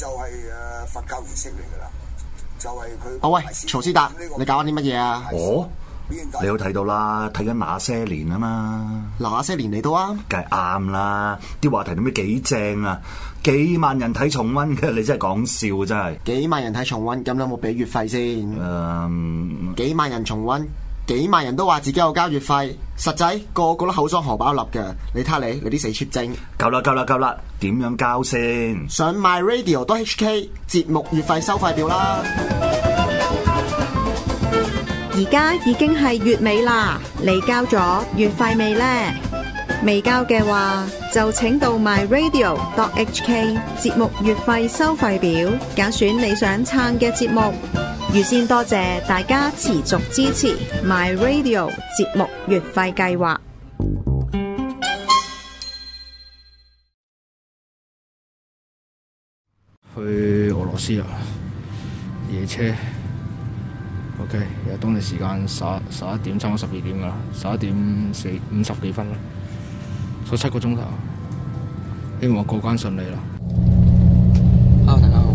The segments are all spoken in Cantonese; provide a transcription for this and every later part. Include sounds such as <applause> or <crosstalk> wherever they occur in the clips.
就係誒佛教儀式嚟噶啦，就係佢。阿喂，曹思達，你搞緊啲乜嘢啊？哦，你好睇到啦，睇緊那些年啊嘛。那些年嚟到啊？梗係啱啦，啲話題點咩幾正啊？幾萬人睇重溫嘅，你真係講笑真係。幾萬人睇重溫，咁有冇俾月費先？誒，um, 幾萬人重溫。幾萬人都話自己有交月費，實際個,個個都口裝荷包粒嘅。你睇下你，你啲死 cheap 精！夠啦，夠啦，夠啦！點樣交先？上 myradio.hk 節目月費收費表啦。而家已經係月尾啦，你交咗月費未呢？未交嘅話，就請到 myradio.hk 節目月費收費表，揀選你想撐嘅節目。預先多謝大家持續支持 My Radio 節目月費計劃。去俄羅斯啊，夜車。OK，而家當地時間十十一點差唔多十二點噶啦，十一點四五十幾分啦，坐七個鐘頭，希望過關順利啦。Hello, 大家好，等等。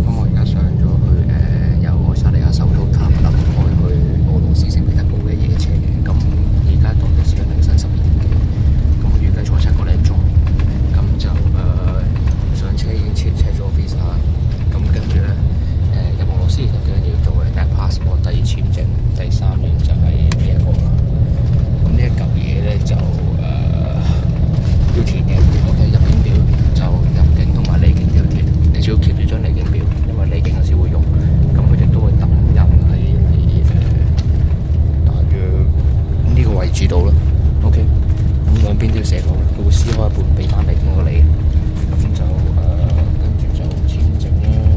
到咯，OK。咁兩邊都要寫到，佢會撕開一半俾翻嚟。我你咁就誒，跟住就簽證啦，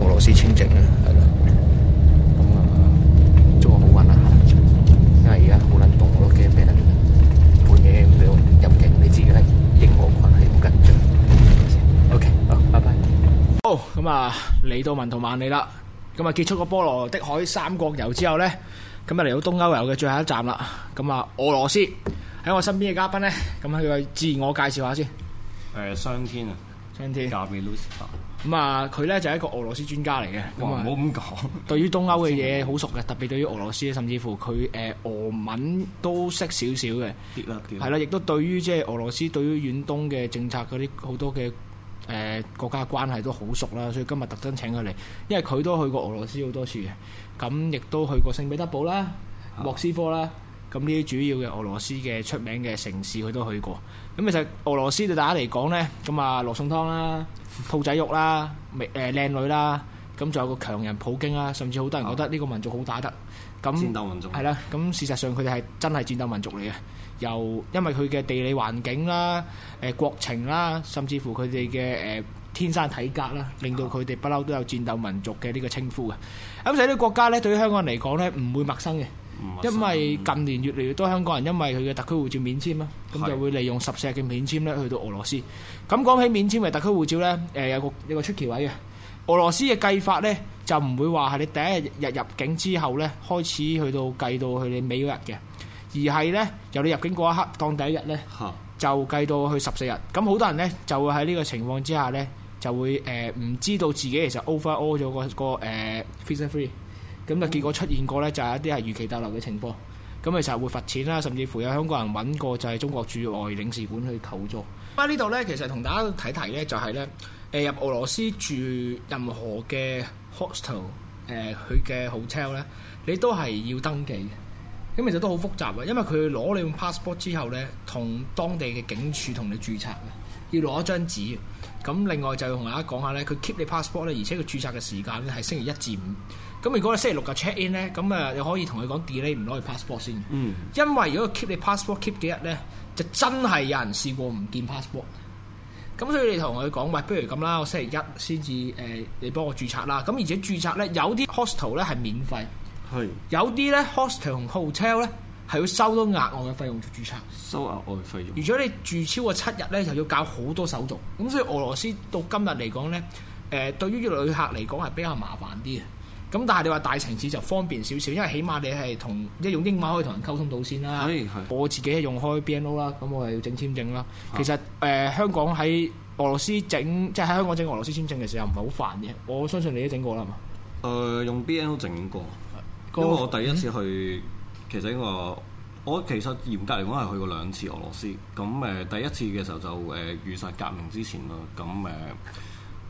俄羅斯簽證啦，係啦。咁啊，祝我好運啦，因為而家好無論我 o k 變得半夜俾我入境，你自己啦，英俄關係好緊張。OK，拜拜好，拜拜。好，咁啊，嚟到文圖萬里啦，咁啊，結束個波羅的海三國遊之後咧。咁啊，嚟到東歐遊嘅最後一站啦。咁啊，俄羅斯喺我身邊嘅嘉賓呢，咁喺佢自我介紹下先。誒，天，天啊，商天，Gabi 咁啊，佢呢就係、是、一個俄羅斯專家嚟嘅。咁啊，唔好咁講。對於東歐嘅嘢好熟嘅， <laughs> 特別對於俄羅斯，甚至乎佢誒、呃、俄文都識少少嘅。跌啦係啦，亦都對於即係俄羅斯，對於遠東嘅政策嗰啲好多嘅。誒國家關係都好熟啦，所以今日特登請佢嚟，因為佢都去過俄羅斯好多次嘅，咁亦都去過聖彼得堡啦、莫斯科啦，咁呢啲主要嘅俄羅斯嘅出名嘅城市佢都去過。咁其實俄羅斯對大家嚟講呢，咁啊羅宋湯啦、兔仔肉啦、美誒靚女啦，咁仲有個強人普京啦，甚至好多人覺得呢個民族好打得。咁係啦，咁事實上佢哋係真係戰鬥民族嚟嘅，由因為佢嘅地理環境啦、誒國情啦，甚至乎佢哋嘅誒天生體格啦，令到佢哋不嬲都有戰鬥民族嘅呢個稱呼嘅。咁所以呢個國家咧，對於香港人嚟講咧，唔會陌生嘅，因為近年越嚟越多香港人因為佢嘅特區護照免簽啦，咁就會利用十四日嘅免簽咧去到俄羅斯。咁講起免簽為特區護照咧，誒有個有個出奇位嘅，俄羅斯嘅計法咧。就唔會話係你第一日入境之後咧，開始去到計到去你尾嗰日嘅，而係咧由你入境嗰一刻當第一日咧，就計到去十四日。咁好多人咧就會喺呢個情況之下咧，就會誒唔知道自己其實 over all 咗個個誒 visa free。咁就結果出現過咧，就係一啲係逾期逗留嘅情況。咁其實會罰錢啦，甚至乎有香港人揾過就係中國駐外領事館去求助。喺呢度咧，其實同大家提提咧，就係咧誒入俄羅斯住任何嘅 hostel 誒、呃、佢嘅 hotel 咧，你都係要登記嘅，咁其實都好複雜啊，因為佢攞你 passport 之後咧，同當地嘅警署同你註冊嘅，要攞張紙。咁另外就同大家講下咧，佢 keep 你 passport 咧，而且佢註冊嘅時間咧係星期一至五。咁如果你星期六就 check in 咧，咁誒你可以同佢講 delay，唔攞你 passport 先。嗯。因為如果佢 keep 你 passport keep 幾日咧，就真係有人試過唔見 passport。咁所以你同佢講，唔、哎、不如咁啦，我星期一先至誒，你幫我註冊啦。咁而且註冊呢，有啲 hostel 呢係免費，係是有啲呢 hostel 同 hotel 呢係要收多額外嘅費用做註冊，收額外費用。而如果你住超過七日呢，就要搞好多手續。咁所以俄羅斯到今日嚟講呢，誒、呃、對於啲旅客嚟講係比較麻煩啲嘅。咁但係你話大城市就方便少少，因為起碼你係同一用英文可以同人溝通到先啦。係係，我自己用開 BNO 啦，咁我係要整簽證啦。其實誒是、呃、香港喺俄羅斯整，即係喺香港整俄羅斯簽證嘅時候唔係好煩嘅。我相信你都整過啦，係嘛？誒用 BNO 整過，那個、因為我第一次去、嗯、其實我我其實嚴格嚟講係去過兩次俄羅斯。咁誒、呃、第一次嘅時候就誒雨傘革命之前啦。咁誒。呃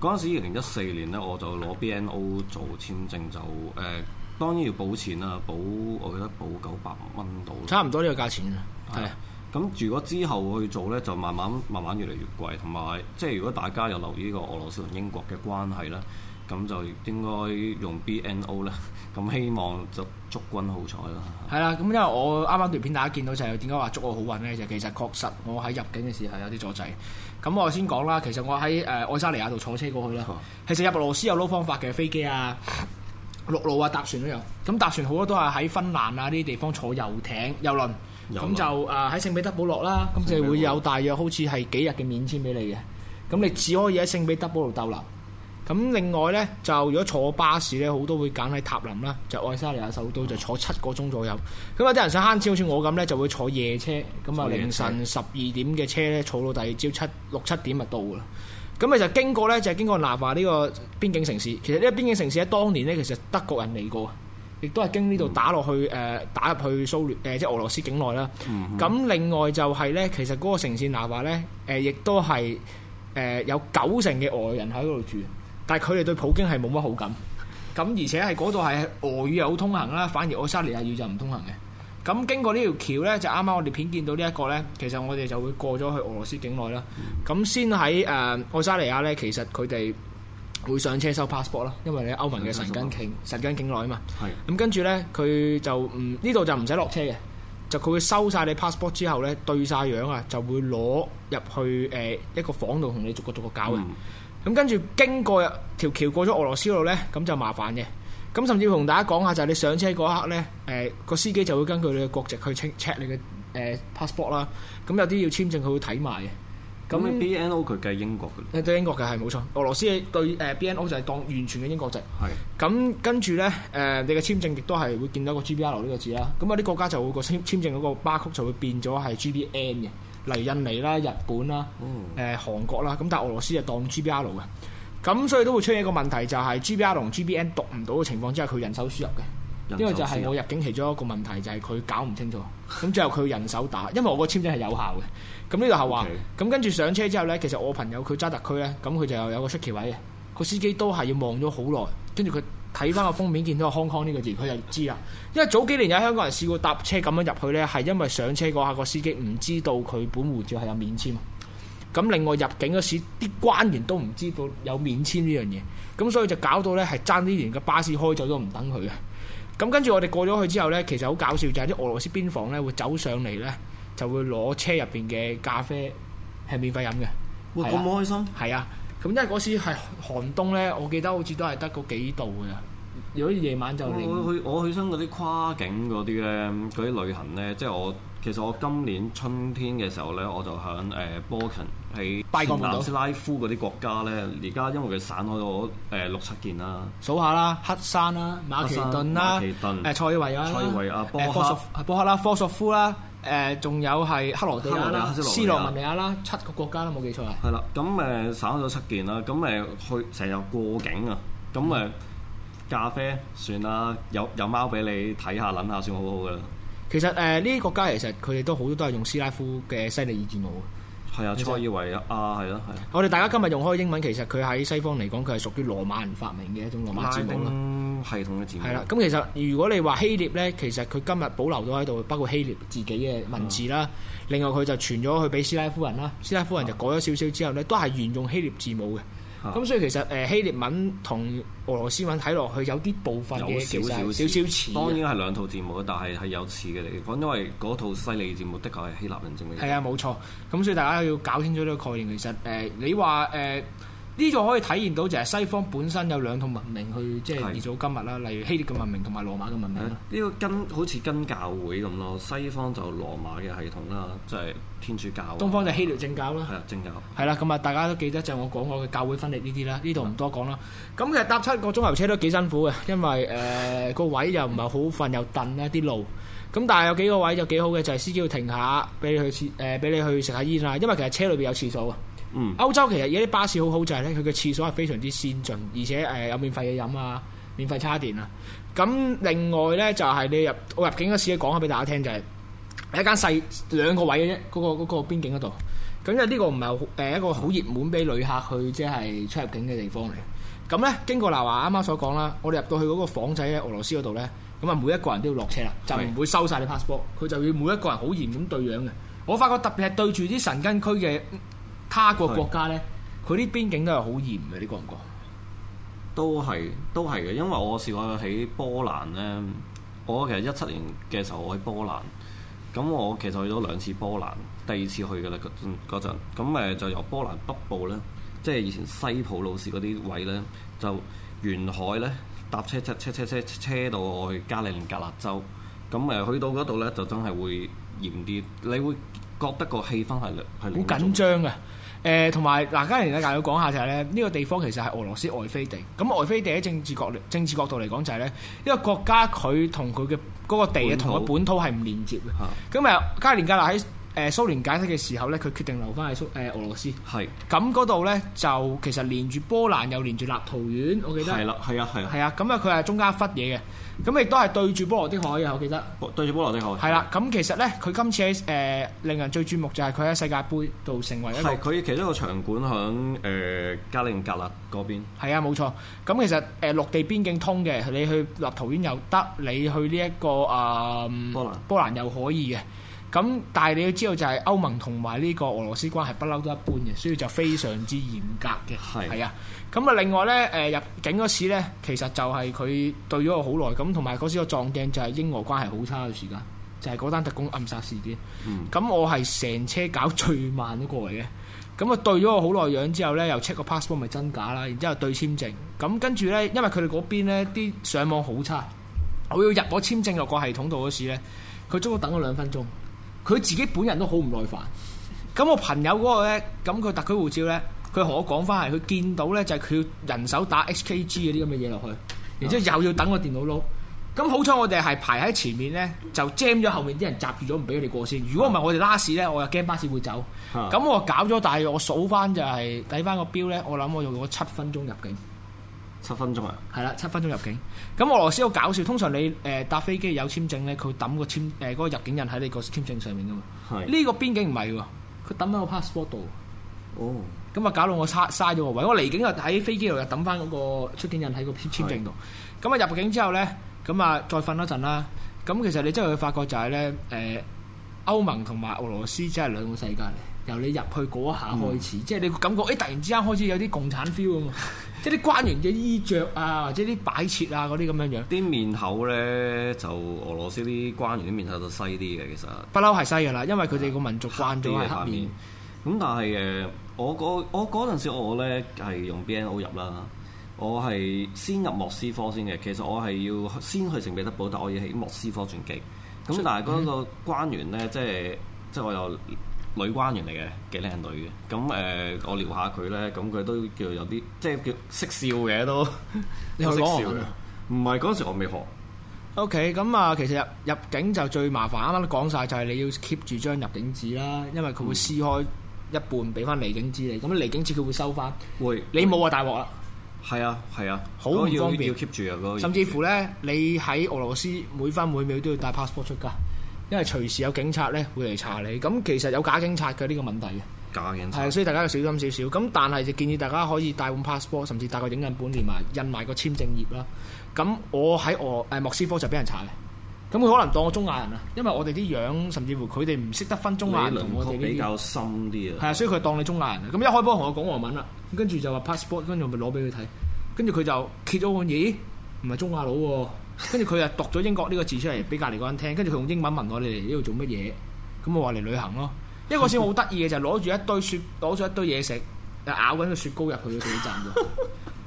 嗰陣時，二零一四年咧，我就攞 BNO 做簽證，就誒、呃、當然要補錢啦，補我記得補九百蚊到。差唔多呢個價錢啊，係的。咁的如果之後去做咧，就慢慢慢慢越嚟越貴，同埋即係如果大家有留意呢個俄羅斯同英國嘅關係咧。咁就應該用 BNO 啦，咁希望就祝君好彩啦。係啦，咁 <noise> 因為我啱啱短片段大家見到就係點解話祝我好運呢？就其實確實我喺入境嘅時候有啲阻滯。咁我先講啦，其實我喺誒愛沙尼亞度坐車過去啦。哦、其實入俄羅斯有好多方法嘅，飛機啊、陸路啊、搭船都有。咁搭船好多都係喺芬蘭啊呢啲地方坐遊艇、遊輪。咁輪就誒喺聖彼得堡落啦，咁就會有大約好似係幾日嘅免簽俾你嘅。咁你只可以喺聖彼得堡度逗留。咁另外呢，就如果坐巴士呢，好多會揀喺塔林啦，就是、愛沙尼亞首都，嗯、就坐七個鐘左右。咁有啲人想慳錢，好似我咁呢，就會坐夜車。咁啊，凌晨十二點嘅車呢，坐到第二朝七六七點就到啦。咁咪就經過呢，就係、是、經過納華呢個邊境城市。其實呢個邊境城市喺當年呢，其實德國人嚟過，亦都係經呢度打落去誒、嗯呃，打入去蘇聯即係俄羅斯境內啦。咁、嗯、哼另外就係、是、呢，其實嗰個城市納華呢，誒亦都係有九成嘅外人喺嗰度住。但係佢哋對普京係冇乜好感，咁而且係嗰度係俄語又好通行啦，反而愛沙尼亞語就唔通行嘅。咁經過呢條橋咧，就啱啱我哋片見到呢一個咧，其實我哋就會過咗去俄羅斯境內啦。咁先喺誒愛沙尼亞咧，其實佢哋會上車收 passport 咯，因為你歐盟嘅神根境神根境內啊嘛。係。咁跟住咧，佢就唔呢度就唔使落車嘅，就佢會收曬你 passport 之後咧，對曬樣啊，就會攞入去誒一個房度同你逐個逐個搞嘅。咁跟住經過條橋過咗俄羅斯路呢，咁就麻煩嘅。咁甚至同大家講下，就係你上車嗰刻呢，誒、呃、個司機就會根據你嘅國籍去 check 你嘅 passport 啦。咁、呃、有啲要簽證，佢會睇埋嘅。咁 BNO 佢計英國嘅，對英國嘅係冇錯。俄羅斯對誒 BNO 就係當完全嘅英國籍。係咁是跟住呢，誒、呃、你嘅簽證亦都係會見到個 GBR 呢個字啦。咁有啲國家就會個簽簽證嗰個 barcode 就會變咗係 GBN 嘅。嚟印尼啦、日本啦、誒、呃、韓國啦，咁但係俄羅斯就當 GBR 嘅，咁所以都會出現一個問題，就係、是、GBR 同 GBN 讀唔到嘅情況之下，佢人手輸入嘅，因為就係我入境其中一個問題，就係、是、佢搞唔清楚，咁之後佢人手打，因為我個簽證係有效嘅，咁呢個係話，咁 Okay. 跟住上車之後呢，其實我朋友佢揸特區呢，咁佢就有個出奇位嘅，個司機都係要望咗好耐，跟住佢。睇翻個封面，見到個康康呢個字，佢就知啦。因為早幾年有香港人試過搭車咁樣入去呢，係因為上車嗰下個司機唔知道佢本護照係有免簽。咁另外入境嗰時，啲關員都唔知道有免簽呢樣嘢，咁所以就搞到呢係爭啲連個巴士開咗都唔等佢嘅。咁跟住我哋過咗去之後呢，其實好搞笑就係啲俄羅斯邊防呢會走上嚟呢，就會攞車入邊嘅咖啡係免費飲嘅。哇喂！會咁開心。係啊。咁因為嗰時係寒冬咧，我記得好似都係得嗰幾度㗎。如果夜晚就我去，我去我去親嗰啲跨境嗰啲咧，嗰啲旅行咧，即係我其實我今年春天嘅時候咧，我就響誒波琴喺南斯拉夫嗰啲國家咧，而家因為佢散開咗誒、呃、六七件啦，數下啦，黑山啦，馬其頓啦，馬其頓誒、呃、塞爾維、維亞，塞爾維亞波克哈、呃、波克啦，科索夫啦。誒，仲、呃、有係克羅地亞啦、克羅地亞斯洛文尼亞啦，七個國家啦，冇記錯啊。係啦，咁誒，省、呃、咗七件啦，咁誒，去成日過境啊，咁誒、嗯，咖啡算啦，有有貓俾你睇下、諗下算，算好好噶啦。其實誒，呢、呃、啲國家其實佢哋都好多都係用斯拉夫嘅西里爾字母。係啊，初以為啊係咯係。 <noise> 我哋大家今日用開英文，其實佢喺西方嚟講，佢係屬於羅馬人發明嘅一種羅馬字母咯。系統嘅字母。係啦，咁、嗯、其實如果你話希臘咧，其實佢今日保留咗喺度，包括希臘自己嘅文字啦，嗯、另外佢就傳咗去俾斯拉夫人啦，斯拉夫人就改咗少少之後咧，都係沿用希臘字母嘅。咁、啊嗯、所以其實誒、呃、希臘文同俄羅斯文睇落去有啲部分有小小小少少少似，當然係兩套字母，但係係有似嘅地方，因為嗰套犀利嘅字母的確係希臘人整嘅。係啊，冇錯。咁所以大家要搞清楚呢個概念。其實誒、呃，你話誒。呃呢個可以體現到就係西方本身有兩套文明去即係延續今日啦，例如希臘嘅文明同埋羅馬嘅文明呢、呢個跟好似跟教會咁咯，西方就羅馬嘅系統啦，就係、是、天主教。東方就希臘正教啦。係啊，正教。係啦，咁啊，大家都記得就係我講過嘅教會分裂呢啲啦，呢度唔多講啦。咁的其實搭七個鐘頭車都幾辛苦嘅，因為誒個、呃、位又唔係好瞓又凳一啲路。咁但係有幾個位就幾好嘅，就係司機要停下，俾你去廁俾你去食下煙啦。因為其實車裏邊有廁所啊。嗯，歐洲其實而家啲巴士好好就係咧，佢嘅廁所係非常之先進，而且誒有免費嘢飲啊，免費叉電啊。咁另外咧就係你入我入境嗰時咧，講下俾大家聽，就係一間細兩個位嘅啫，嗰個嗰個邊境嗰度咁。因為呢個唔係誒一個好熱門俾旅客去即係出入境嘅地方嚟。咁咧經過嗱，話啱啱所講啦，我哋入到去嗰個房仔咧，俄羅斯嗰度咧，咁啊每一個人都要落車啦，就唔會收曬你 passport，佢就要每一個人好嚴咁對樣嘅。我發覺特別係對住啲神根區嘅。他個國家呢，佢啲是邊境都係好嚴嘅，你覺唔覺？都係，都係嘅，因為我試過喺波蘭呢，我其實一七年嘅時候我喺波蘭，咁我其實去咗兩次波蘭，第二次去嘅啦，嗰陣，咁誒就由波蘭北部呢，即係以前西普魯士嗰啲位呢，就沿海呢，搭車車車車車車，車到我去加利寧格勒州，咁誒去到嗰度呢，就真係會嚴啲，你會覺得個氣氛係好緊張呀。誒同埋嗱，加連格又要講下就係咧，呢個地方其實係俄羅斯外飛地。咁外飛地喺政治角政治角度嚟講就係咧，一個國家佢同佢嘅嗰個地啊，同佢本土係唔連接嘅。咁啊，加連格喺蘇聯解體嘅時候，佢決定留翻喺蘇，俄羅斯。Ừ, 咁，但係你要知道就係歐盟同埋呢個俄羅斯關係不嬲都一般嘅，所以就非常之嚴格嘅。係啊的，咁啊，另外呢，誒入境嗰時咧，其實就係佢對咗我好耐咁，同埋嗰時我撞鏡就係英俄關係好差嘅時間，就係嗰單特工暗殺事件。咁、嗯、我係成車搞最慢嗰個嚟嘅，咁啊對咗我好耐樣之後呢，又 check 個 passport 咪真假啦，然之後對簽證，咁跟住呢，因為佢哋嗰邊咧啲上網好差，我要入我簽證落個系統度嗰時咧，佢足足等咗兩分鐘。佢自己本人都好唔耐煩，咁我朋友嗰個咧，咁佢特區護照咧，佢同我講翻係，佢見到咧就係、是、佢要人手打 HKG 嗰啲咁嘅嘢落去，然之後又要等個電腦撈，咁好彩我哋係排喺前面咧，就 jam 咗後面啲人集住咗，唔俾佢哋過先。如果唔係我哋 last 咧，我又驚巴士會走。咁、啊、我搞咗，但係我數翻就係睇翻個表咧，我諗我用咗七分鐘入境。七分鐘啊！係啦，七分鐘入境。咁俄羅斯好搞笑。通常你誒、呃、搭飛機有簽證咧，佢抌個簽誒嗰、呃那個、入境印喺你個簽證上面噶嘛。呢是個邊境唔係喎，佢抌喺個 passport 度。哦。咁啊、嗯，搞到我嘥嘥咗個位。我離境又喺飛機度又抌翻嗰個出境印喺個簽證度。咁啊的、嗯，入境之後咧，咁、嗯、啊，再瞓一陣啦。咁、嗯、其實你真係會發覺就係、是、咧，誒、呃，歐盟同埋俄羅斯真係兩個世界。嚟、嗯。由你入去嗰一下開始，嗯、即係你感覺誒、欸，突然之間開始有啲共產 feel 啊 <laughs> 即係啲關員嘅衣着啊，或者啲擺設啊嗰啲咁樣樣，啲面口咧，就俄羅斯啲關員啲面口就西啲嘅。其實不嬲係西嘅啦，因為佢哋個民族慣咗喺黑，黑面咁、嗯。但係誒，我我我嗰陣時我咧係用 B N O 入啦，我係先入莫斯科先嘅。其實我係要先去聖彼得堡，但我要喺莫斯科轉機咁。以但係嗰個關員咧，即係即係我又。女關員嚟嘅，幾靚女嘅。咁誒、呃，我撩下佢咧，咁佢都叫有啲，即係叫識笑嘅都 <laughs> 你識笑唔係嗰陣時我未學。O K，咁啊，其實入入境就最麻煩啱啱，講晒，就係、是、你要 keep 住張入境紙啦，因為佢會撕開一半俾翻離境紙你。咁、嗯、離境紙佢會收翻。會。你冇、嗯、啊，大鑊啦。係啊，係啊，好唔方便。要 keep 住啊、嗰個入。甚至乎咧，你喺俄羅斯每分每秒都要帶 passport 出街。因為隨時有警察咧會嚟查你，咁的其實有假警察嘅呢個問題嘅。假警察係啊，所以大家要小心少少。咁但係就建議大家可以帶本 passport，甚至帶個影印本，連埋印埋個簽證頁啦。咁我喺我誒莫斯科就俾人查嘅，咁佢可能當我中亞人啊，因為我哋啲樣甚至乎佢哋唔識得分中亞同我哋。比較深啲啊。係啊，所以佢當你中亞人啊。咁一開波同我講俄文啦，跟住就話 passport，跟住我咪攞俾佢睇，跟住佢就揭咗我咦？唔係中亞佬喎。跟住佢啊讀咗英國呢個字出嚟俾隔離嗰人聽，跟住佢用英文問我：你哋呢度做乜嘢？咁我話嚟旅行咯。一個我好得意嘅就攞住一堆雪，攞咗一堆嘢食，咬緊個雪糕入去個地鐵站㗎。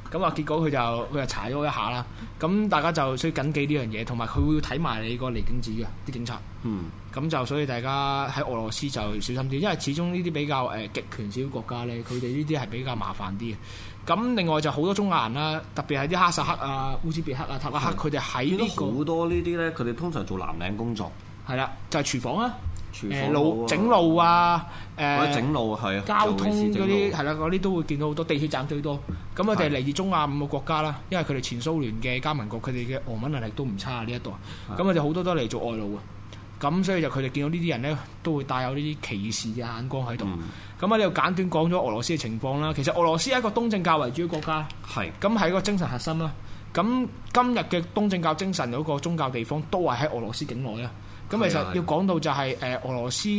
咁啊，結果佢就佢就查咗一下啦。咁大家就需要緊記呢樣嘢，同埋佢會睇埋你個離境紙嘅啲警察。嗯。咁就所以大家喺俄羅斯就小心啲，因為始終呢啲比較誒極權少少國家咧，佢哋呢啲係比較麻煩啲嘅。咁另外就好多中亞人啦，特別係啲哈薩克啊、烏茲別克啊、塔吉克佢哋喺呢個好多呢啲咧，佢哋通常做藍領工作。係啦，就係、是、廚房啊，廚房路啊、呃、整路啊，誒整路係啊，交通嗰啲係啦，嗰啲都會見到好多地鐵站最多。咁我哋嚟自中亞五個國家啦，因為佢哋前蘇聯嘅加盟國，佢哋嘅俄文能力都唔差呢一度。咁我哋好多都嚟做外勞啊。咁所以就佢哋見到呢啲人呢，都會帶有呢啲歧視嘅眼光喺度。咁啊、嗯，你又簡短講咗俄羅斯嘅情況啦。其實俄羅斯係一個東正教為主嘅國家，咁係是一個精神核心啦。咁今日嘅東正教精神嗰個宗教地方都係喺俄羅斯境內啊。咁其實要講到就係誒俄羅斯，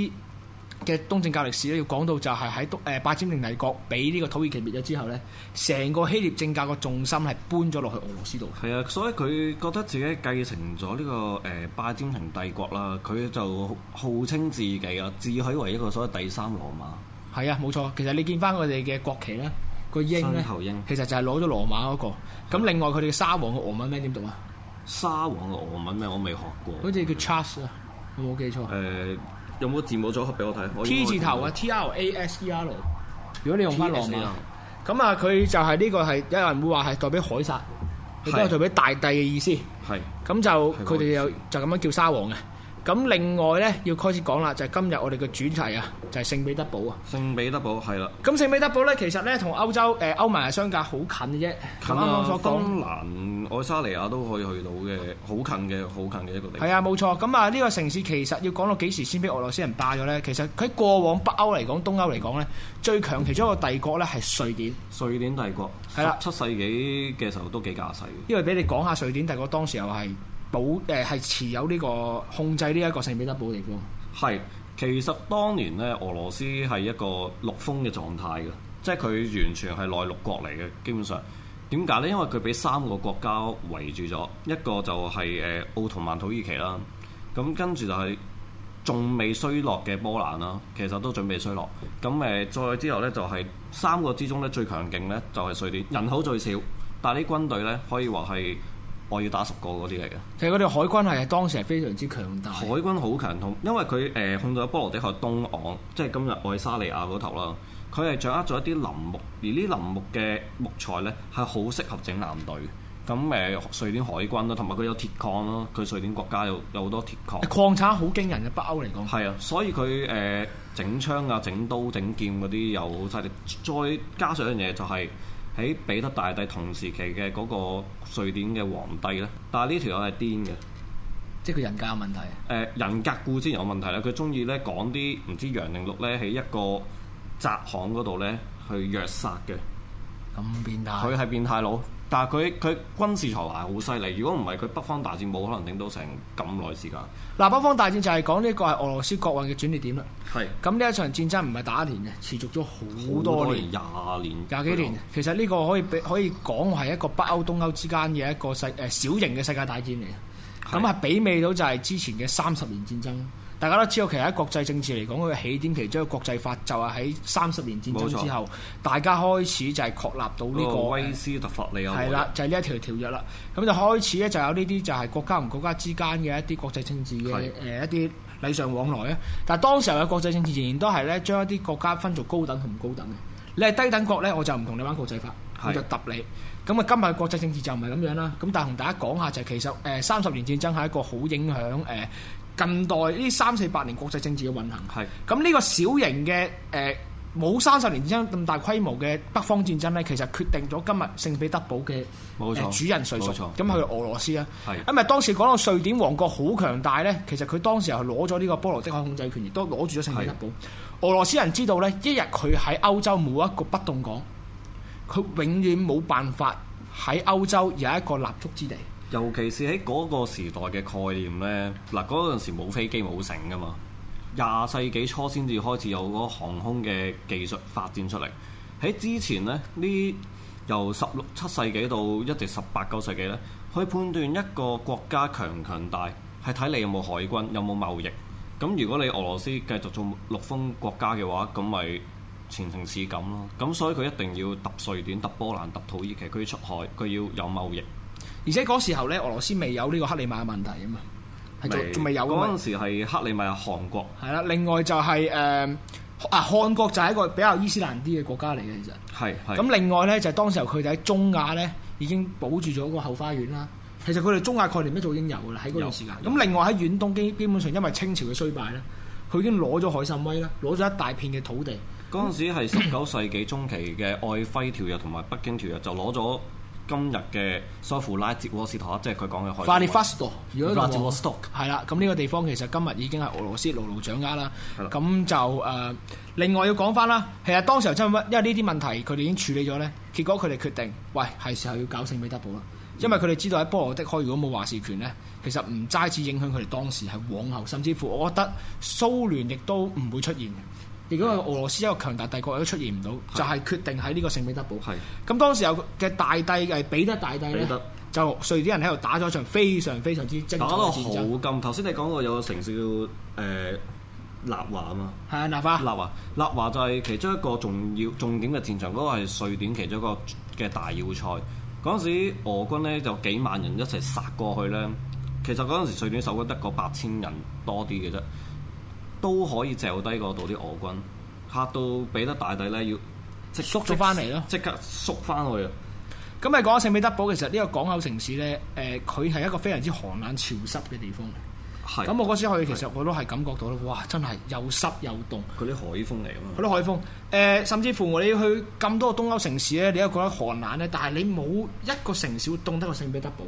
嘅東正教歷史咧，要講到就係喺東誒拜占庭帝國俾呢個土耳其滅咗之後咧，成個希臘正教個重心係搬咗落去俄羅斯度。係啊，所以佢覺得自己繼承咗呢、這個誒、呃、拜占庭帝國啦，佢就號稱自己啊，自詡為一個所謂第三羅馬。係啊，冇錯。其實你見翻佢哋嘅國旗咧，個鷹其實就係攞咗羅馬嗰、那個。咁、啊、另外佢哋嘅沙皇嘅俄文名？點讀啊？沙皇嘅俄文咩？我未學過。好似、嗯、叫 Charles 啊？我冇記錯。誒、呃。有冇字母組合俾我睇？T 字頭啊，T R A S E R。A S、e R o，如果你用翻羅馬，咁啊佢就係呢個係有人會話係代表凱撒，亦都係代表大帝嘅意思。係是，咁就佢哋又就咁樣叫沙皇嘅。咁另外咧要開始講啦，就係、是、今日我哋嘅主題啊，就係聖彼得堡啊。聖彼得堡係啦。咁聖彼得堡咧，其實咧同歐洲誒歐盟嘅相隔好近嘅啫。咁啊啱啱所講，江南愛沙尼亞都可以去到嘅，好近嘅，好近嘅一個地方。係啊，冇錯。咁啊，呢個城市其實要講到幾時先俾俄羅斯人霸咗咧？其實喺過往北歐嚟講，東歐嚟講咧，最強其中一個帝國咧係瑞典。嗯嗯、瑞典帝國係啦，十七世紀嘅時候都幾架勢，因為俾你講下瑞典帝國當時又係。保誒係、呃、持有呢、這個控制呢一個聖彼得堡嘅地方。係，其實當年咧，俄羅斯係一個陸封嘅狀態嘅，即係佢完全係內陸國嚟嘅。基本上點解呢？因為佢俾三個國家圍住咗，一個就係、是、誒、呃、奧圖曼土耳其啦，咁跟住就係仲未衰落嘅波蘭啦。其實都準備衰落。咁誒、呃，再之後呢，就係、是、三個之中呢，最強勁呢就係瑞典，人口最少，但係啲軍隊呢，可以話係。我要打十個嗰啲嚟嘅，其實佢哋海軍係當時係非常之強大。海軍好強悍，因為佢誒、呃、控到波羅的海東岸，即係今日愛沙尼亞嗰頭啦。佢係掌握咗一啲林木，而呢林木嘅木材咧係好適合整艦隊。咁誒、呃，瑞典海軍啦，同埋佢有鐵礦咯。佢瑞典國家有有好多鐵礦，礦產好驚人嘅北歐嚟講。係啊，所以佢誒、呃、整槍啊、整刀、整劍嗰啲又好犀利。再加上一樣嘢就係、是。喺彼得大帝同時期嘅嗰個瑞典嘅皇帝呢，但係呢條友係癲嘅，即係佢人格有問題。誒、呃，人格固然有問題啦，佢中意呢講啲唔知楊定六呢，喺一個窄巷嗰度呢去虐殺嘅，咁變態，佢係變態佬。但係佢佢軍事才華係好犀利，如果唔係佢北方大戰冇可能頂到成咁耐時間。嗱，北方大戰就係講呢個係俄羅斯國運嘅轉捩點啦。係是。咁呢一場戰爭唔係打一年嘅，持續咗好多年。廿年。廿幾年。其實呢個可以比，可以講係一個北歐東歐之間嘅一個世誒小型嘅世界大戰嚟。係是。咁係媲美到就係之前嘅三十年戰爭。大家都知道，其實喺國際政治嚟講，佢起點其中一個國際法就係喺三十年戰爭之後，錯大家開始就係確立到呢、這個、哦、威斯特法利。你有冇？係啦，就係、是、呢一條條約啦。咁就開始咧，就有呢啲就係國家同國家之間嘅一啲國際政治嘅誒的、呃、一啲禮尚往來啊。但係當時候嘅國際政治仍然都係咧，將一啲國家分做高等同唔高等嘅。你係低等國咧，我就唔同你玩國際法，的我就揼你。咁啊，今日國際政治就唔係咁樣啦。咁但係同大家講下，就係其實誒三十年戰爭係一個好影響誒。呃近代呢三四百年國際政治嘅運行，咁呢是個小型嘅誒冇三十年戰爭咁大規模嘅北方戰爭呢，其實決定咗今日聖彼得堡嘅誒錯、呃、主人誰屬，咁係俄羅斯啦。是因為當時講到瑞典王國好強大呢，其實佢當時係攞咗呢個波羅的海控制權，亦都攞住咗聖彼得堡。是俄羅斯人知道呢，一日佢喺歐洲冇一個不凍港，佢永遠冇辦法喺歐洲有一個立足之地。尤其是喺嗰個時代嘅概念咧，嗱嗰陣時冇飛機冇成噶嘛，廿世紀初先至開始有嗰航空嘅技術發展出嚟。喺之前咧，呢由十六七世紀到一直十八九世紀咧，可以判斷一個國家強唔強大，係睇你有冇海軍有冇貿易。咁如果你俄羅斯繼續做陸封國家嘅話，咁咪前程似錦咯。咁所以佢一定要揼瑞典、揼波蘭、揼土耳其，佢要出海，佢要有貿易。而且嗰時候咧，俄羅斯未有呢個克里米亞嘅問題啊嘛，係仲未有啊嘛。嗰陣時係克里米亞係汗國。係啦，另外就係誒啊，汗國就係一個比較伊斯蘭啲嘅國家嚟嘅，其實。係係。咁另外咧，就當時候佢哋喺中亞咧已經保住咗個後花園啦。其實佢哋中亞概念都經做應有噶啦，喺嗰段時間。咁另外喺遠東，基基本上因為清朝嘅衰敗咧，佢已經攞咗海參崴啦，攞咗一大片嘅土地。嗰陣時係十九世紀中期嘅《璦琿條約》同埋《北京條約》就攞咗。今日嘅蘇符拉捷沃斯托克即係佢講嘅海嘯。Faster，如果俄系啦，咁呢個地方其實今日已經係俄羅斯牢牢掌握啦。咁就誒，另外要講翻啦，其實當時候真係因為呢啲問題，佢哋已經處理咗呢。結果佢哋決定，喂，係時候要搞聖彼得堡啦。因為佢哋知道喺波羅的海，如果冇話事權呢，其實唔齋止影響佢哋當時係往後，甚至乎，我覺得蘇聯亦都唔會出現嘅。如果俄羅斯一個強大帝國都出現唔到，是的 就係決定喺呢個聖彼得堡。咁是的 當時有嘅大帝係彼得大帝比德 就瑞典人喺度打咗一場非常非常之精彩戰爭打。打得好勁！頭先你講過有個城市叫、呃、立納華嘛？係納華，華。立華納華就係其中一個重要重點嘅戰場，嗰、那個係瑞典其中一個嘅大要塞。嗰陣時俄軍咧就幾萬人一齊殺過去咧，其實嗰陣時瑞典守軍得個八千人多啲嘅啫。都可以掟低嗰度啲俄軍，嚇到彼得大帝咧，要直縮咗翻嚟咯，即刻縮翻去。咁咪講聖彼得堡？其實呢個港口城市咧，誒、呃，佢係一個非常之寒冷潮濕嘅地方。係的。咁我嗰時去，其實我都係感覺到咧，的哇！真係又濕又凍。嗰啲海風嚟啊嘛。啲海風，誒、嗯呃，甚至乎我哋去咁多東歐城市咧，你都覺得寒冷咧，但係你冇一個城市會凍得過聖彼得堡。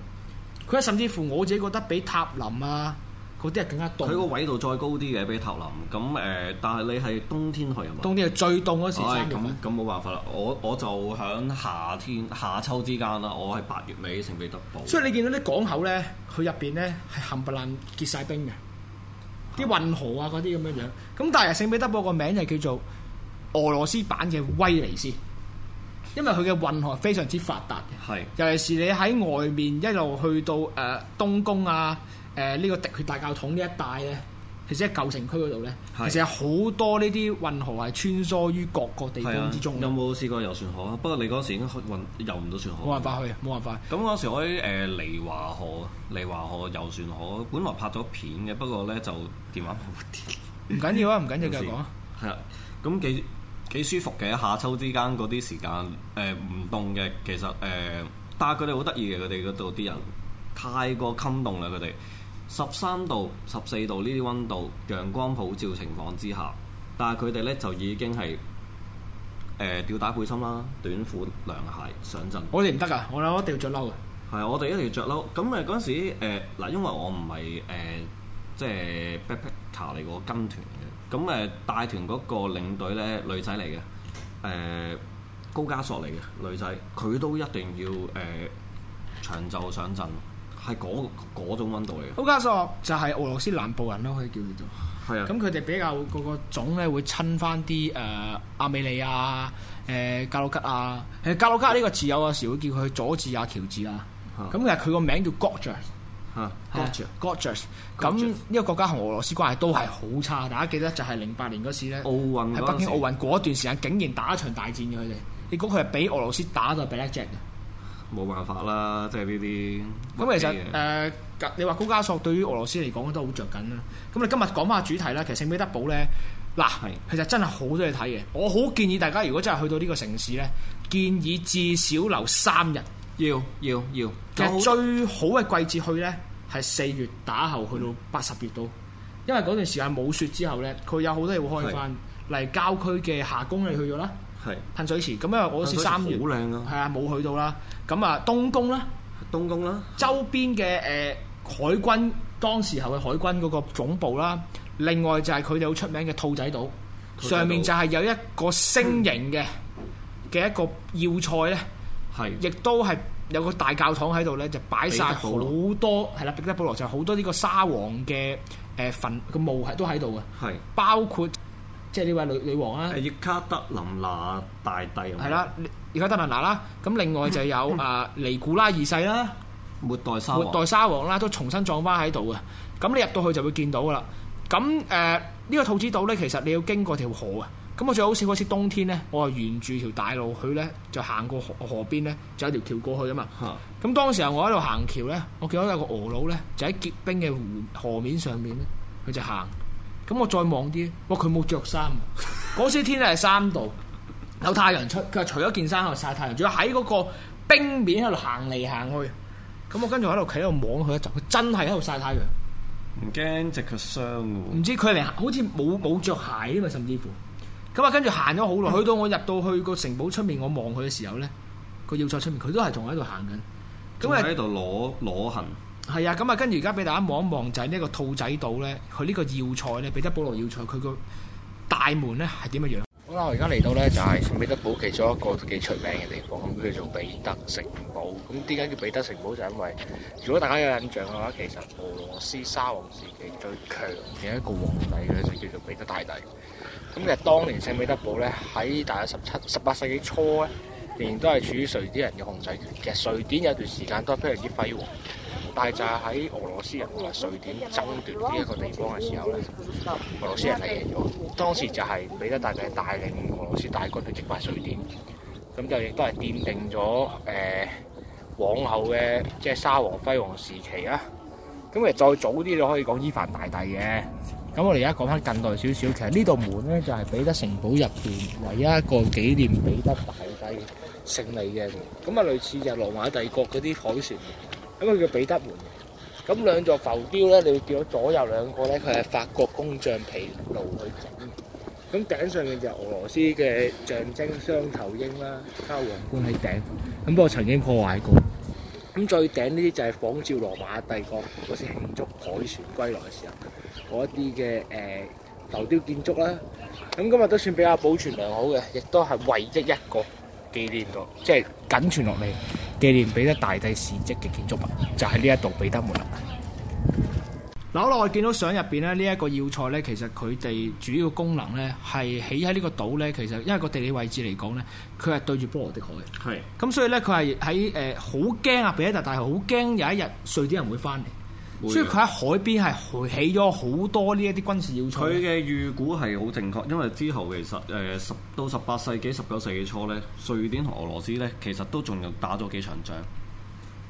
佢甚至乎我自己覺得比塔林啊。嗰啲係更加凍。佢個緯度再高啲嘅，比塔林。咁誒、呃，但係你係冬天去啊嘛？冬天係最凍嗰時。係咁、啊，咁冇、嗯嗯嗯、辦法啦。我我就喺夏天、夏秋之間啦。我係八月尾聖彼得堡。所以你見到啲港口咧，佢入邊咧係冚唪唥結晒冰嘅。啲是的 運河啊，嗰啲咁樣樣。咁但係聖彼得堡個名就叫做俄羅斯版嘅威尼斯，因為佢嘅運河非常之發達嘅。係的。尤其是你喺外面一路去到誒東宮啊。誒呢、呃呢個滴血大教堂呢一帶咧，其實喺舊城區嗰度咧，是其實有好多呢啲運河係穿梭於各個地，地方之中、啊。有冇試過遊船河？不過你嗰時已經去運遊唔到船河。冇辦法去，冇辦法。咁嗰時我喺誒尼華河，尼華河遊船河，本來拍咗片嘅，不過咧就電話冇電。唔緊要啊，唔緊要繼續講。係啊，咁事幾幾舒服嘅夏秋之間嗰啲時間，誒唔凍嘅，其實誒、呃，但係佢哋好得意嘅，佢哋嗰度啲人，人太過襟凍啦，佢哋。十三度，十四度呢啲温度，陽光普照情況之下，但係佢哋咧就已經係誒、呃、吊帶背心啦、短褲、涼鞋上陣。我哋唔得噶，我我一定要著褸嘅。係，我哋一定要着褸。咁誒嗰陣時嗱、呃，因為我唔係誒即係 backpacker 嚟，我、呃就是 er、跟團嘅。咁誒帶團嗰個領隊咧，女仔嚟嘅，誒、呃、高加索嚟嘅女仔，佢都一定要誒、呃、長袖上陣。係嗰，那個、種溫度嚟嘅。烏加索就係俄羅斯南部人咯，可以叫佢做。係啊的。咁佢哋比較個個種咧會親返啲誒阿美利亞，誒格魯吉亞。誒格魯吉亞呢個字有時會叫佢佐治亞喬治亞啊。咁其實佢個名叫 Gogush，啊。g o g u s g o g u s 咁呢 God gers, gers 個國家同俄羅斯關係都係好差。的大家記得就係零八年嗰咧，奧運嗰陣時，喺北京奧運過一段時間，竟然打一場大戰嘅佢哋。你估佢係俾俄羅斯打到 Black Jack。冇辦法啦，即係呢啲咁其實誒、呃，你話高加索對於俄羅斯嚟講都好着緊啦。咁你今日講翻下主題啦，其實聖彼得堡呢，嗱，是其實真係好多嘢睇嘅。我好建議大家如果真係去到呢個城市呢，建議至少留三日。要要要，要其實最好嘅季節去呢，係四月打後去到八十月度，嗯、因為嗰段時間冇雪之後呢，佢有好多嘢會開翻嚟。是例如郊區嘅夏宮你去咗啦。嗯係噴水池，咁因為我嗰時三，好靚噶，係啊，冇去到啦。咁啊，東宮啦，東宮啦，周邊嘅誒海軍當時候嘅海軍嗰個總部啦，另外就係佢哋好出名嘅兔仔島，上面就係有一個星形嘅嘅一個要塞咧，係，亦都係有個大教堂喺度咧，就擺曬好多係啦，彼得保羅就好多呢個沙皇嘅誒墳個墓係都喺度嘅，係包括。即係呢位女女皇啊！誒，葉卡德琳娜大帝係啦，葉卡德琳娜啦。咁另外就有誒、嗯嗯、尼古拉二世啦，末代沙末代沙皇啦，都重新葬翻喺度啊。咁你入到去就會見到㗎啦。咁誒呢個兔子島咧，其實你要經過條河啊。咁我最好似嗰次冬天咧，我係沿住條大路去咧，就行過河河邊咧，就有條橋過去㗎嘛。咁、嗯、當時候我喺度行橋咧，我見到有個俄佬咧，就喺結冰嘅湖河面上面咧，佢就行。咁我再望啲，哇，佢冇着衫，嗰 <laughs> 時天氣係三度，有太陽出，佢除咗件衫喺度曬太陽，仲要喺嗰個冰面喺度行嚟行去，咁我跟住喺度企喺度望佢一陣，佢真係喺度曬太陽，唔驚直佢傷喎，唔知佢嚟，好似冇冇著鞋啊嘛，甚至乎，咁啊跟住行咗好耐，去、嗯、到我入到去個城堡出面，我望佢嘅時候咧，個要塞出面佢都係仲喺度行緊，咁係喺度攞裸行。係啊，咁啊，跟住而家俾大家望一望就係呢個兔仔島咧。佢呢個要塞，咧，彼得保羅要塞，佢個大門咧係點嘅樣？好啦，我而家嚟到咧就係聖彼得堡其中一個都幾出名嘅地方，咁叫做彼得城堡。咁點解叫彼得城堡？就係因為如果大家有印象嘅話，其實俄羅斯沙皇時期最強嘅一個皇帝佢就叫做彼得大帝。咁其實當年聖彼得堡咧喺大約十七、十八世紀初咧仍然都係處於瑞典人嘅控制權。其實瑞典有段時間都係非常之輝煌。但係就喺俄羅斯人同埋瑞典爭奪呢一個地方嘅時候咧，俄羅斯人係贏咗。當時就係彼得大帝帶領俄羅斯大軍去擊敗瑞典，咁就亦都係奠定咗誒往後嘅即係沙皇輝煌時期啦。咁其實再早啲就可以講伊凡大帝嘅。咁我哋而家講翻近代少少，其實呢度門咧就係彼得城堡入邊唯一一個紀念彼得大帝勝利嘅，咁啊類似就係羅馬帝國嗰啲凱旋門。咁佢叫彼得門，咁兩座浮雕咧，你會見到左右兩個咧，佢係法國工匠皮路去整。咁頂上面就俄羅斯嘅象徵雙頭鷹啦，加皇冠喺頂。咁不過曾經破壞過。咁最頂呢啲就係仿照羅馬帝國嗰時慶祝凱旋歸來嘅時候嗰一啲嘅誒浮雕建築啦。咁今日都算比較保存良好嘅，亦都係唯一一個紀念度，即係僅存落嚟，紀念彼得大帝事蹟嘅建築物，就係呢一度彼得門啦。嗱，我見到相入邊咧，呢一個要塞咧，其實佢哋主要功能咧，係起喺呢個島咧。其實因為個地理位置嚟講咧，佢係對住波羅的海。係的。咁所以咧，佢係喺誒好驚啊彼得大帝，好驚有一日瑞典人會翻嚟。所以佢喺海邊係起咗好多呢一啲軍事要塞。佢嘅預估係好正確，因為之後其實誒十到十八世紀、十九世紀初呢，瑞典同俄羅斯呢其實都仲有打咗幾場仗。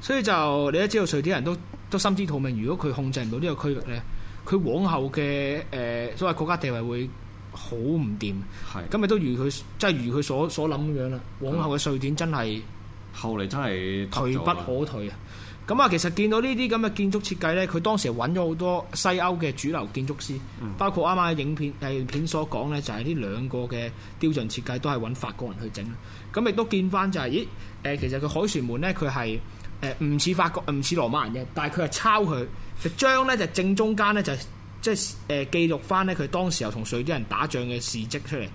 所以就你都知道，瑞典人都都心知肚明，如果佢控制唔到呢個區域呢，佢往後嘅誒、呃、所謂國家地位會好唔掂。係，是的 今日都如佢即係如佢所所諗咁樣啦。往後嘅瑞典真係是的 後嚟真係退不可退啊！咁啊，其實見到呢啲咁嘅建築設計呢，佢當時揾咗好多西歐嘅主流建築師，嗯、包括啱啱影片誒片所講呢，就係、是、呢兩個嘅雕像設計都係揾法國人去整啦。咁亦都見翻就係、是，咦？誒，其實佢凱旋門呢，佢係唔似法國唔似羅馬人嘅，但係佢係抄佢，就將呢，就正中間呢，就即係誒記錄翻呢，佢當時候同瑞典人打仗嘅事蹟出嚟，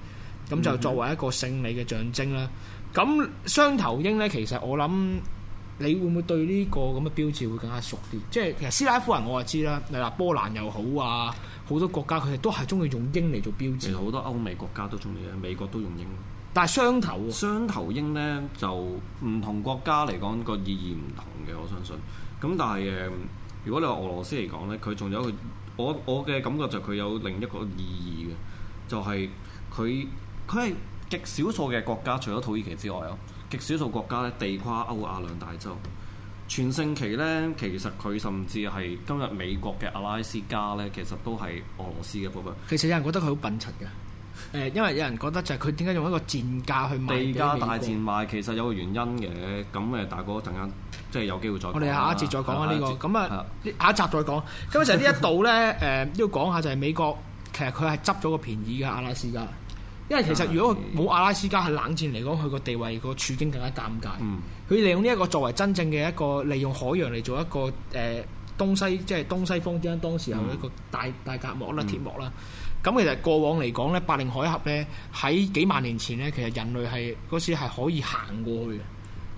咁就、嗯、哼作為一個勝利嘅象徵啦。咁雙頭鷹呢，其實我諗。你會唔會對呢個咁嘅標誌會更加熟啲？即係其實斯拉夫人我就知啦，你話波蘭又好啊，好多國家佢哋都係中意用鷹嚟做標誌。其實好多歐美國家都中意啊，美國都用鷹。但係雙頭喎、啊。雙頭鷹呢就唔同國家嚟講個意義唔同嘅，我相信。咁但係誒，如果你話俄羅斯嚟講呢，佢仲有一個，我我嘅感覺就佢有另一個意義嘅，就係佢佢係。極少數嘅國家，除咗土耳其之外，哦，極少數國家咧，地跨歐亞兩大洲。全盛期咧，其實佢甚至係今日美國嘅阿拉斯加咧，其實都係俄羅斯嘅部分。其實有人覺得佢好笨柒嘅，誒， <laughs> 因為有人覺得就係佢點解用一個賤價去賣？地價大賤賣，其實有個原因嘅。咁誒，大哥，陣間即係有機會再講我哋下一節再講啊，呢、這個咁啊，樣對下一集再講。咁就呢 <laughs> 一度咧，誒，都要講下就係美國，其實佢係執咗個便宜嘅阿拉斯加。因為其實如果冇阿拉斯加，喺冷戰嚟講，佢個地位個處境更加尷尬。佢、嗯、利用呢一個作為真正嘅一個利用海洋嚟做一個誒、呃、東西，即、就、係、是、東西方之間當時候一個大、嗯、大隔膜啦、鐵幕啦。咁、嗯、其實過往嚟講呢，白令海峽呢，喺幾萬年前呢，其實人類係嗰時係可以行過去嘅。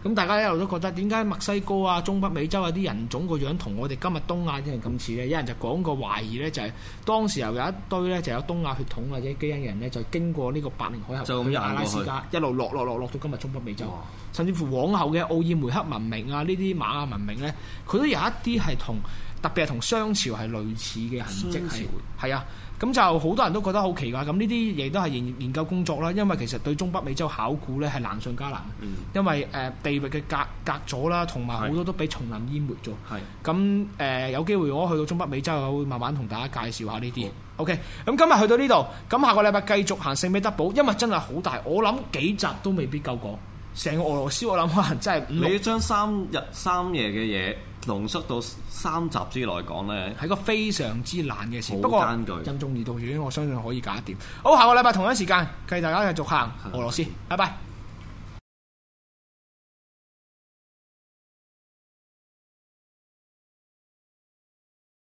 咁大家一路都覺得點解墨西哥啊、中北美洲啊啲人種個樣同我哋今日東亞啲人咁似呢？有人就講過懷疑呢，就係、是、當時候有一堆呢就有東亞血統或者基因人呢，就經過呢個白令海峽、就咁樣阿拉斯加去一路落落落落到今日中北美洲，哇甚至乎往後嘅奧爾梅克文明啊、呢啲瑪雅文明呢，佢都有一啲係同。特別係同商朝係類似嘅痕跡，係，係啊，咁就好多人都覺得好奇怪。咁呢啲嘢都係研研究工作啦，因為其實對中北美洲考古呢係難上加難。嗯、因為誒地域嘅隔隔咗啦，同埋好多都俾叢林淹沒咗。係是，咁、呃、誒有機會我去到中北美洲，我會慢慢同大家介紹下呢啲。嗯、OK，咁今日去到呢度，咁下個禮拜繼續行聖彼得堡，因為真係好大，我諗幾集都未必夠講。成個俄羅斯我諗可能真係你要將三日三夜嘅嘢。濃縮到三集之內講呢，係個非常之難嘅事。不過，任重而道遠，我相信可以搞掂。好，下個禮拜同一時間，繼續大家繼續行俄羅斯，的拜拜。